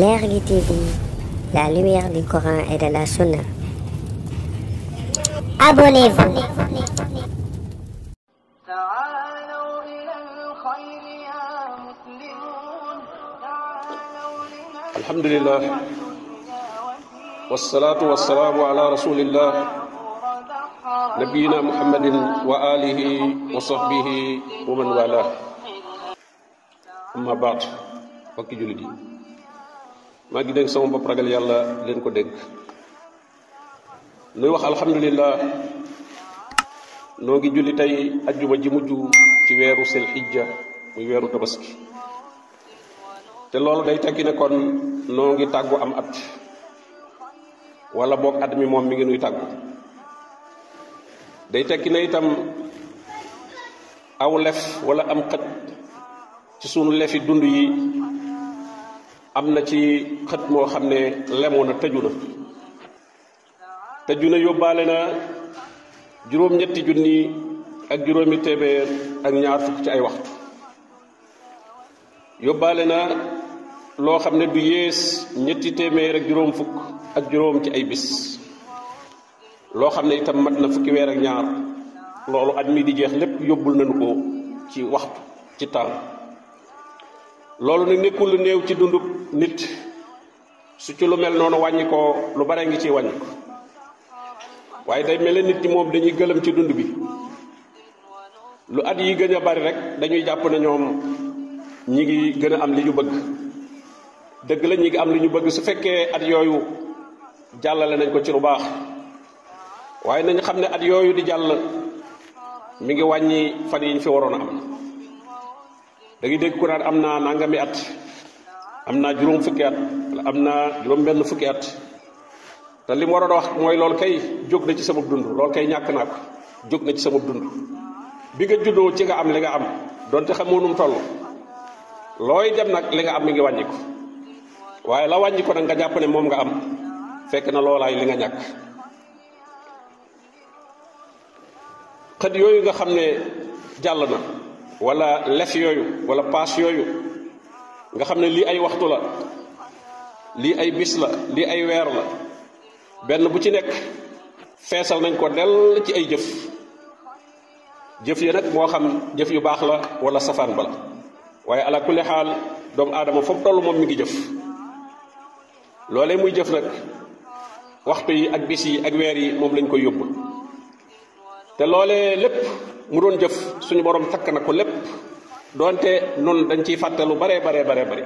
L'air du TV, la lumière du Coran et de la Sunna. Abonnez-vous. الحمد لله والصلاة والسلام على رسول الله نبينا محمد وآله وصحبه ومن والاه أما بعد فكي جلدي maa ngi dénk sama bopp ragal yàlla leen ko dénk nuy wax alhamdulilah noo ngi julli tey ajjuma ji mujj ci weeru sel xijja muy weeru tabaski te loolu day tekki ne kon noo ngi tàggu am at wala boog at mi moom mi ngi tàggu day tekki ne itam aw lef wala am xët ci sunu lefi dund yi am na ci xët moo xam ne lemoon na tëju na tëju na yóbbaale na juróom-ñetti junni ak juróomi téeméer ak ñaar fukk ci ay waxtu yóbbaale na loo xam ne du yées ñetti téeméer ak juróom fukk ak juróom ci ay bis loo xam ne itam mat na fukki weer ak ñaar loolu at mi di jeex lépp yóbbul nañu ko ci waxtu ci temps loolu nag nekkul lu néew ci dundub nit su ci lu mel noonu wàññikoo lu bare ngi ciy wàññi waaye day mel ne nit ñi moom dañuy gëlëm ci dund bi lu at yi gën a bari rek dañuy jàpp ne ñoom ñi ngi gën a am li ñu bëgg dëgg la ngi am li ñu bëgg su fekkee at yooyu jàllale nañ ko ci lu baax waaye nañ xam ne at yooyu di jàll mu ngi wàññi fan yi ñu fi waroon a am da ngay dégg ku naan am naa nangami at am naa juróom fukki at am na juróom benn fukki at te li mu waroon a wax mooy loolu kay jóg na ci sama dund lool kay ñàkk naa ko jóg na ci sama dund bi nga juddoo ci nga am li nga am donte xamoo nu mu toll looy dem nag li nga am mi ngi wàññiku waaye la wàññiku ko nag nga jàpp ne moom nga am fekk na loolaay li nga ñàkk xët yooyu nga xam ne jàll na wala les yooyu wala paas yooyu nga xam ne lii ay waxtu la lii ay bis la li ay weer la benn bu ci nekk feesal nañ ko dell ci ay jëf jëf ya nag moo xam jëf yu baax la wala safaan ba la waaye ala kulli xaal doomu aadama foofu toll moom mi ngi jëf loolee muy jëf nag waxtu yi ak bis yi ak weer yi moom lañ koy te loolee lépp mu doon jëf suñu borom takk na ko lépp donte nun dañ ci fàtte lu bare bare bare bare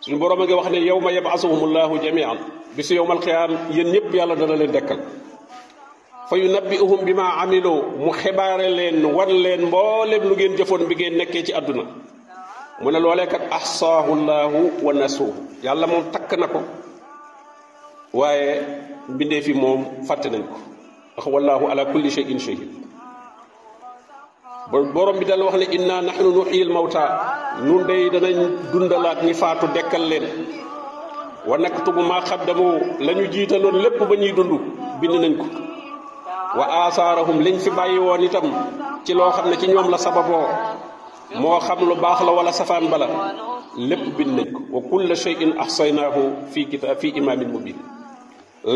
suñu borom nga wax ne yawma yabasuhumullahu jamian bisu yawmal qiyam yéen ñëpp yàlla dana leen dekkal fa yunabbi'uhum bima amilu mu xibaare leen wan leen mbolem lu ngeen jëfoon bi ngeen nekké ci aduna mu ne loolee kat ahsahu Allah wa nasu yàlla moom tak na ko waye mbindee fi mom fàtte nañ ko ndax wallahu ala kulli shay'in shahid borom bi dal wax ne inna nahnu nuhyil mawta nun day danañ dundalaat ñi faatu dekkal leen wa naktubu ma xaddamu lañu jiitaloon lépp ba ñuy bind nañ ko wa asaarahum liñ fi bàyyi woon itam ci loo xam ci ñoom la sababo moo xam lu baax la wala safaan bala lépp bind nañ ko wa kulla shay'in ahsaynaahu fi kitab fi imaamin mubin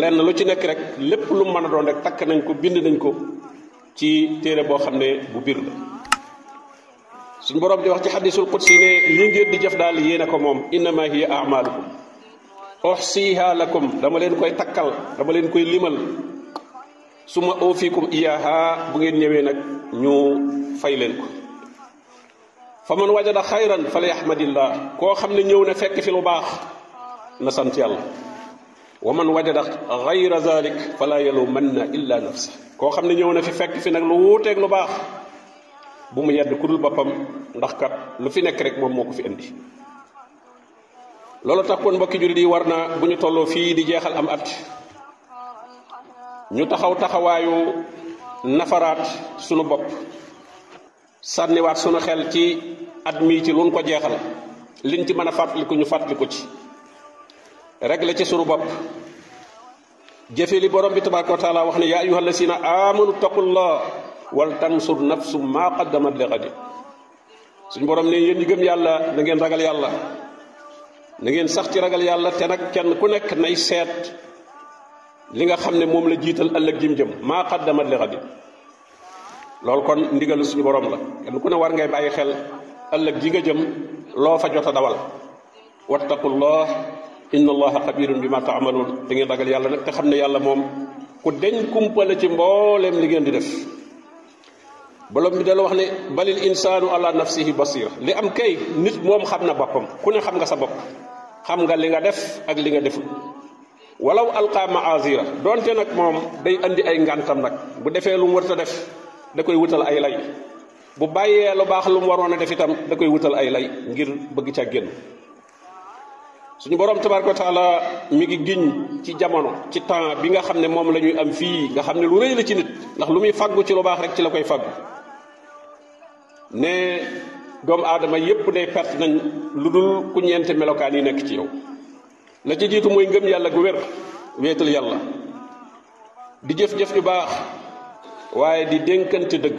lenn lu ci nekk rek lépp lu mën doon rek takk nañ ko bind nañ ko ci téere boo xam ne bu bir la suñ borom ji wax ci xadisul qudsi ne li ngeen di jëf daal yéene ko moom innama hiya amalukum uhsiha lakum dama leen koy takkal dama leen koy limal suma ofikum iyaha bu ngeen ñëwee nag ñu fay leen ko fa man wajada xayran falyahmadillah koo xam ne ñëw na fekk lu baax na sant yàlla wa man wajada xayra zalik fala yalumanna illa nafsa koo xam ne ñëw na fi fekk fi nag lu wuuteeg lu baax bu mu yedd ku dul boppam ndax kat lu fi nekk rek moom moo ko fi indi loolu tax kon mbokki jullit di war na bu ñu tolloo fii di jeexal am at ñu taxaw taxawaayu nafaraat sunu bopp sànniwaat sunu xel ci at mii ci luñ ko jeexal liñ ci mën a fàttaliku ñu fàttaliku ci la ci sunu bopp jëfe li borom bi tabaraka wa taala wax ne yaa ayuha allasina amanu taqullah wal tansur nafsu maa qaddamat li xadi suñ borom ne yéen ñi gëm yàlla na ngeen ragal yàlla na ngeen sax ci ragal yàlla te nag kenn ku nekk nay seet li nga xam ne moom la jiital ëllëg jim jëm maa qaddamat li xadi loolu kon ndigalu suñu borom la kenn ku ne war ngay bàyyi xel ëllëg ji nga jëm loo fa jot a dawal wattaqullah inna allaha khabirun bima ta'malun da ngeen ragal yalla nak te xamne yalla mom ku deñ kumpale ci mbollem li ngeen di def bolom bi dal wax ne balil insanu ala nafsihi basir li am kay nit mom xamna bopam ku ne xam nga sa bop xam nga li nga def ak li nga deful walaw alqa maazira donte nak mom day andi ay ngantam nak bu defé lu warta def da koy wutal ay lay bu bàyyee lu bax lu warona def itam da koy wutal ay lay ngir bëgg genn suñu borom tabaraka taala mi ngi giñ ci jamono ci temps bi nga xamne mom lañuy am fi nga xamne lu reey la ci nit ndax lu muy fàggu ci lu bax rek ci la koy ne doom adama yépp day perte nañ lu ku ñent melokan yi nekk ci yow la ci jitu moy ngeum yalla gu wer wetul yalla di jëf jëf ju bax waye di denkante deug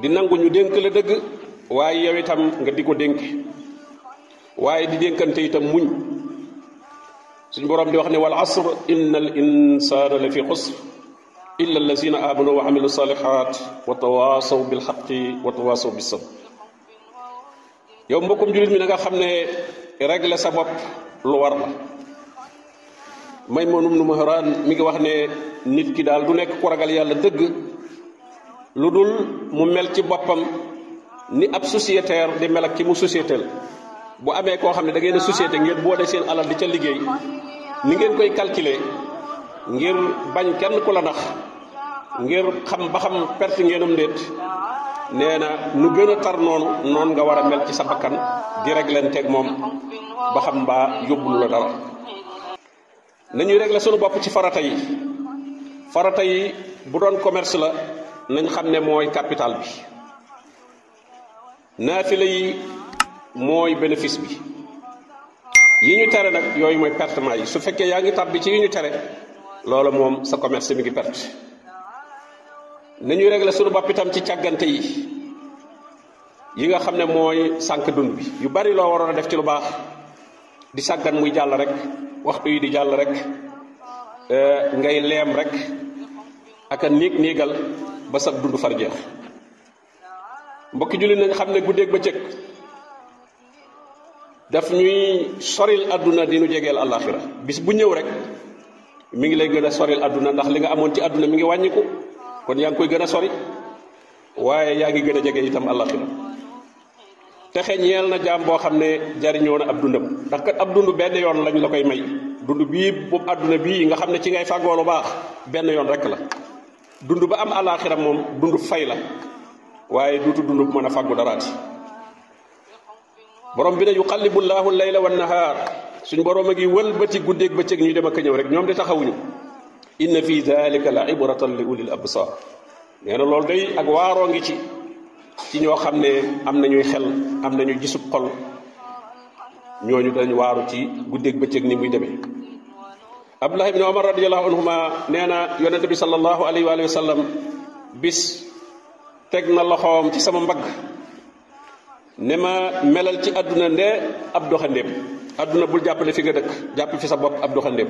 di nangu ñu denk la deug waye yow itam nga di ko waye di dénkante itam muñ suñ borom di wax ni wal asr innal insana la fi xusr illa allazina amanu wa amilu salihat wa tawasaw bil haqqi wa tawasaw bis sabr yow mbokum julit mi nga xamne ne régler sa bop lu war la may monum ibn Mahran mi ngi wax ne nit ki dal du nek ku ragal yàlla deug ludul mu mel ci bopam ni ab sociétaire di mel ak ki mu société bu amee koo xam ne da ngeen a société ngeen boole seen alal di ca liggéey ni ngeen koy calculer ngir bañ kenn ku la nax ngir xam ba xam perte ngeenam ndéet nee na nu gën a tar noonu noonu nga war a mel ci sa bakkan di régler teg moom ba xam mbaa yóbbulu la dara nañuy régler sunu bopp ci farata yi farata yi bu doon commerce la nañ xam ne mooy capital bi naafila yi mooy bénéfice bi yi ñu tere nag yooyu mooy pertement yi su fekkee yaa ngi tàbbi ci yi ñu tere loolu moom sa commerce mi ngi perte ñu régler suñu bopp itam ci càggante yi yi nga xam ne mooy sànq dund bi yu bari loo waroon a def ci lu baax di sàggan muy jàll rek waxtu yi di jàll rek eh, ngay leem rek ak a niig niigal ba sa dund far jeex mbokki julli nañ xam ne guddeeg daf ñuy soril aduna di ñu jégel alakhirah bis bu ñew rek mi ngi lay gëna soril aduna ndax li nga amon ci aduna mi ngi wañiku kon yang koy gëna sori waye yaa ngi gëna a itam alaxira texe ñeel na jaam bo xamné ne na ab ndax kat abdundu dund benn yoon lañ la koy may dundu bi bu aduna bi nga xamné ci ngay fàggoo lu baax benn yoon rek la dundu ba am alakhirah mom dundu fay la waye dutu dundu mëna daraati borom bi ne yuqallibu llahu layla wa nahaar suñ borom a ngi wëlbati guddeeg bëccëg ñuy dem ak ñëw rek ñoom de taxawuñu inna fi dalika la ibratan li ulil absar nee na loolu day ak waaroo ngi ci ci ñoo xam ne am nañuy xel am nañu gisub xol ñooñu dañ waaru ci guddeeg bëccëg ni muy demee abdullah ibni omar radiallahu anhuma nee na bi salallahu alayhi wa sallam bis teg na ci sama mbagg ne ma melal ci àdduna nde ab doxandéem àdduna bul jàppale fi nga dëkk jàpp fi sa bopp ab doxandéem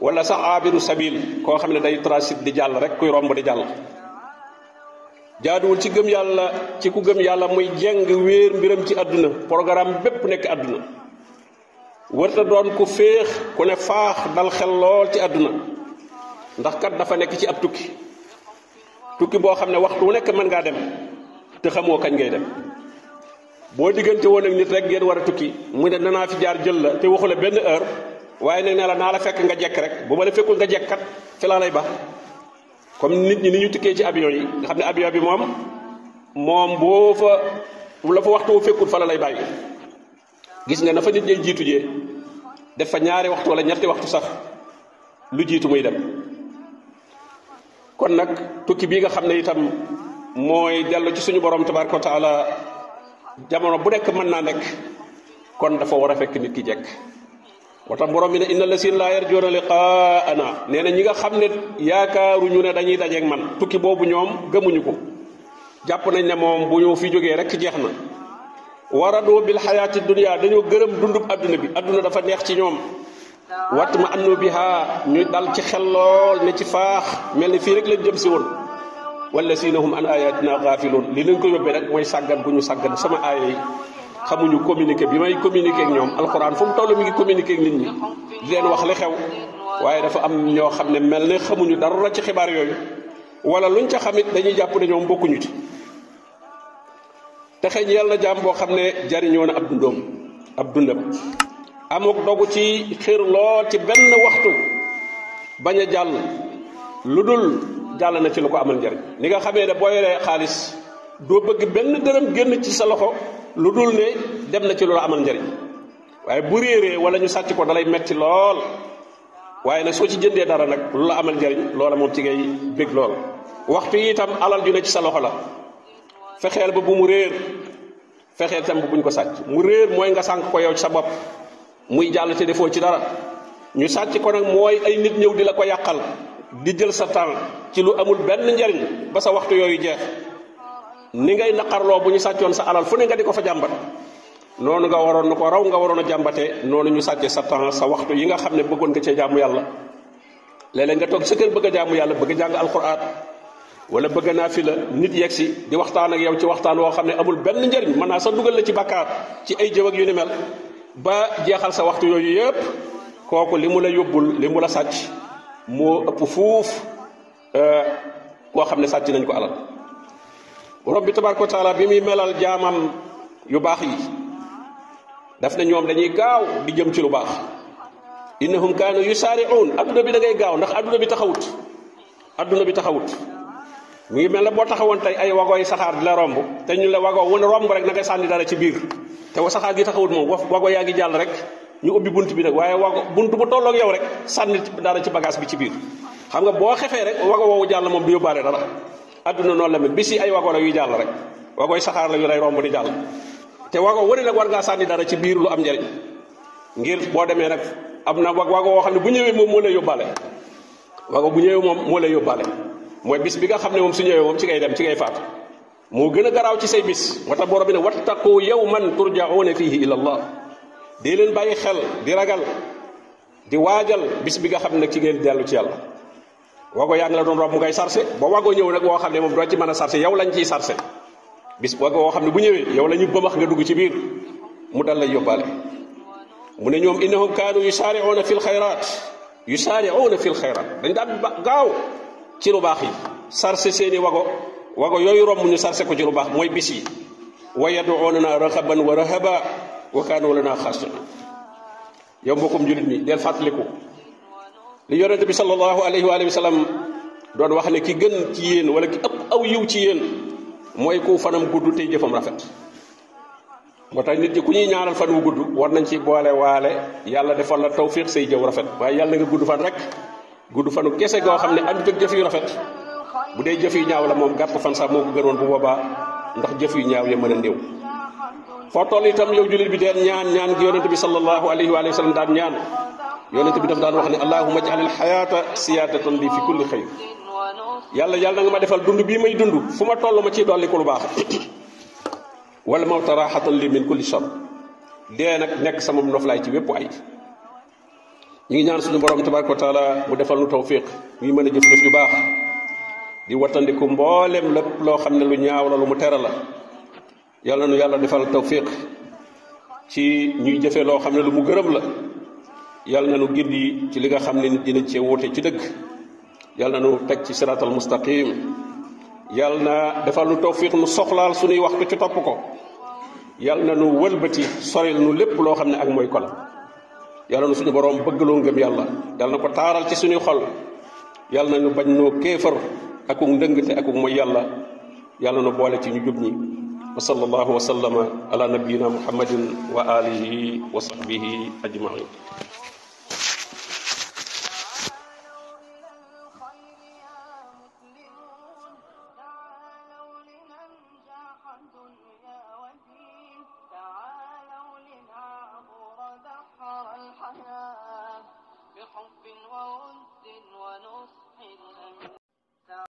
wala sax aabiru sabil koo xam ne day transit di jàll rek kuy romb di jàll jaaduwul ci gëm yàlla ci ku gëm yàlla muy jeng wéer mbiram ci àdduna programme bépp nekk àdduna wërta doon ku féex ku ne faax dal xel lool ci àdduna ndax kat dafa nekk ci ab tukki tukki boo xam ne waxtu wu nekk mën ngaa dem te xamoo kañ ngay dem boo diggante woon ak nit rek ngeen war a tukki mu ne nanaa fi jaar jël la te waxule benn heure waaye nag ne la naa la fekk nga jekk rek bu ma la fekkul nga jekk kat fi laa lay ba comme nit ñi ni ñu tukkee ci avion yi nga xam ne avion bi moom moom boo fa la fa waxtu fekkul fa la lay bàyyi gis nga na fa nit ñay jiitu jee def fa ñaari waxtu wala ñetti waxtu sax lu jiitu muy dem kon nag tukki bii nga xam ne itam mooy dellu ci suñu borom tabaraka wa taala jamono bu nekk mën naa nekk kon dafa war a fekk nit ki jekk moo tax borom bi ne inna lasina laa yarjuuna liqaana nee na ñi nga xam ne ñu ne dañuy dajeeg man tukki boobu ñoom gëmuñu ko jàpp nañ ne moom bu ñu fi jógee rek jeex na waradu bil xayaati dunia dañoo gërëm dundub adduna bi adduna dafa neex ci ñoom wat ma bi biha ñu dal ci xel lool ne ci faax mel ni fii rek lañ jëm si wala siina hum an ayatina gaafiloon li leen ko yóbbee rek mooy sàggan bu ñu sàggan sama aaya yi xamuñu communiqué bi may communiqué ak ñoom alxuraan fu mu toll mi ngi communiqué ak nit ñi di leen wax li xew waaye dafa am ñoo xam ne mel ne xamuñu dara ci xibaar yooyu wala luñ ca xamit dañuy jàpp ne ñoom bokkuñu ci te yàlla jaam boo xam ne jariñoo na ab dundoom ab dundam amook dogu ci xiir lool ci benn waxtu bañ a jàll lu dul jàll na ci lu ko amal njariñ ni nga xamee ne boo yoree xaalis doo bëgg benn dërëm génn ci sa loxo lu dul ne dem na ci lu la amal njariñ waaye bu réeree wala ñu sàcc ko dalay metti lool waaye nag soo ci jëndee dara nag lu la amal njariñ loola moom ci ngay bég lool waxtu yi itam alal ju ne ci sa loxo la fexeel ba bu mu réer fexeel itam ba buñ ko sàcc mu réer mooy nga sànq ko yow sa bopp muy jàll te defoo ci dara ñu sàcc ko nag mooy ay nit ñëw di la ko yàqal di jël sa temps ci lu amul ben njariñ ba sa waxtu yooyu jeex ni ngay naqarloo bu ñu sàccoon sa alal fu ne nga di ko fa jàmbat noonu nga waroon ko raw nga waroon a jàmbatee noonu ñu sàcce sa temps sa waxtu yi nga xam ne bëggoon nga cee jaamu yàlla léeg nga toog sa kër bëgg jaamu yàlla bëgg jàng alquran wala bëgg naa fi la nit yegg di waxtaan ak yow ci waxtaan woo xam ne amul benn njariñ mën naa sa dugal la ci bakkaar ci ay jëw ak yu ni mel ba jeexal sa waxtu yooyu yépp kooku li mu la yóbbul li la sàcc moo ëpp fuuf euh, koo xam ne sàcc nañ ko alal borom bi tabaraka wa bi muy melal jaamam yu baax yi def na ñoom dañuy gaaw di jëm ci lu baax innahum kaanu yusaari'uun adduna bi da ngay gaaw ndax adduna bi taxawut adduna bi taxawut mu ngi mel ne boo taxawoon tey ay wagooy saxaar di la romb te ñu la wagoo wun romb rek na nga sànni dara ci biir te wa saxaar gi taxawut moom wago yaa ngi jàll rek ñu ubbi bunt bi nag waaye wago bunt bu tolloog yow rek sànni dara ci bagage bi ci biir xam nga boo xefee rek wago wawu jàll moom du yóbbaale dara adduna noonu la mel bi si ay wago la yuy jàll rek wagoy saxaar la lay romb di jàll te wago wane nag war ngaa sànni dara ci biir lu am njëriñ ngir boo demee nag am na wago woo xam ne bu ñëwee moom moo lay yóbbaale wago bu ñëwee moom moo lay yóbbaale mooy bis bi nga xam ne moom su ñëwee moom ci ngay dem ci ngay faatu moo gën a garaaw ci say bis moo tax borom bi ne wattaqu yawman turjauna fihi ila allah di leen bàyyi xel di ragal di wajal bis bi nga xamne ci ngeen delu ci yalla wago ya nga la doon romb ngay sarse bo wago ñew nak bo xamne mom do ci mëna sarse yow lañ ci sarse bis wago go xamne bu ñewé yow lañu ñu nga dugg ci biir mu dal lay yobale mu ne ñom innahum kanu yusari'una fil khairat yusari'una fil khairat dañ da gaaw ci lu sarse seeni wago wago yooyu rom ñu sarse ko ci lu bax moy bis yi wayad'una rahaban wa rahaba wakkaan wala naa xas yow mbokkum jullit mi del fàttaliku li yonente bi sallallahu alayhi wa sallam doon wax ne ki gën ci yéen wala ki ëpp aw yiw ci yéen mooy ku fanam gudd tey jëfam rafet moo tax nit ñi ku ñuy ñaanal fan wu gudd war nañ ci boole waale yàlla defal la tawfiq say jëw rafet waaye yàlla nga gudd fan rek gudd fanu gese goo xam ne àndut jëf yu rafet bu dee jëf yu ñaaw la moom gàpp fan sax moo ko gënoon bu boobaa ndax jëf yu ñaaw ya mën a néew foo toll itam yow jullit bi deen ñaan ñaan gi yonente bi sallallahu alayhi wa sallam daan ñaan yonente bi daf daan wax ne allahuma jaal alxayaata siyaadatan lii fi kulli xayr yàlla yàlla na nga ma defal dund bii may dund fu ma toll ma ciy dolli ku lu baax wala mawta raxatan li min kulli shar dee nag nekk sama noflaay ci wépp ay ñu ngi ñaan suñu borom tabaraka wa taala mu defal nu tawfiq ñuy mën a jëf jëf yu baax di wattandiku mboolem lépp loo xam ne lu ñaaw la lu mu tere la yàlla nu yàlla defal tawfiq ci ñuy jëfee loo xam ne lu mu gërëb la yàlla na nu gindi ci li nga xam ne dinañ cee woote ci dëgg yàlla na nu teg ci siraatal mustaqim yàlla na defal nu tawfiq nu soxlaal suñuy waxtu ci topp ko yàlla na nu wëlbati soril nu lépp loo xam ne ak mooy ko la yàlla na suñu boroom bëggloo ngëm yàlla yàlla na ko taaral ci suñuy xol yàlla na ñu bañ noo kéefar akuk ndëngte akuk mooy yàlla yàlla na boole ci ñu jub ñi وصلى الله وسلم على نبينا محمد وآله وصحبه أجمعين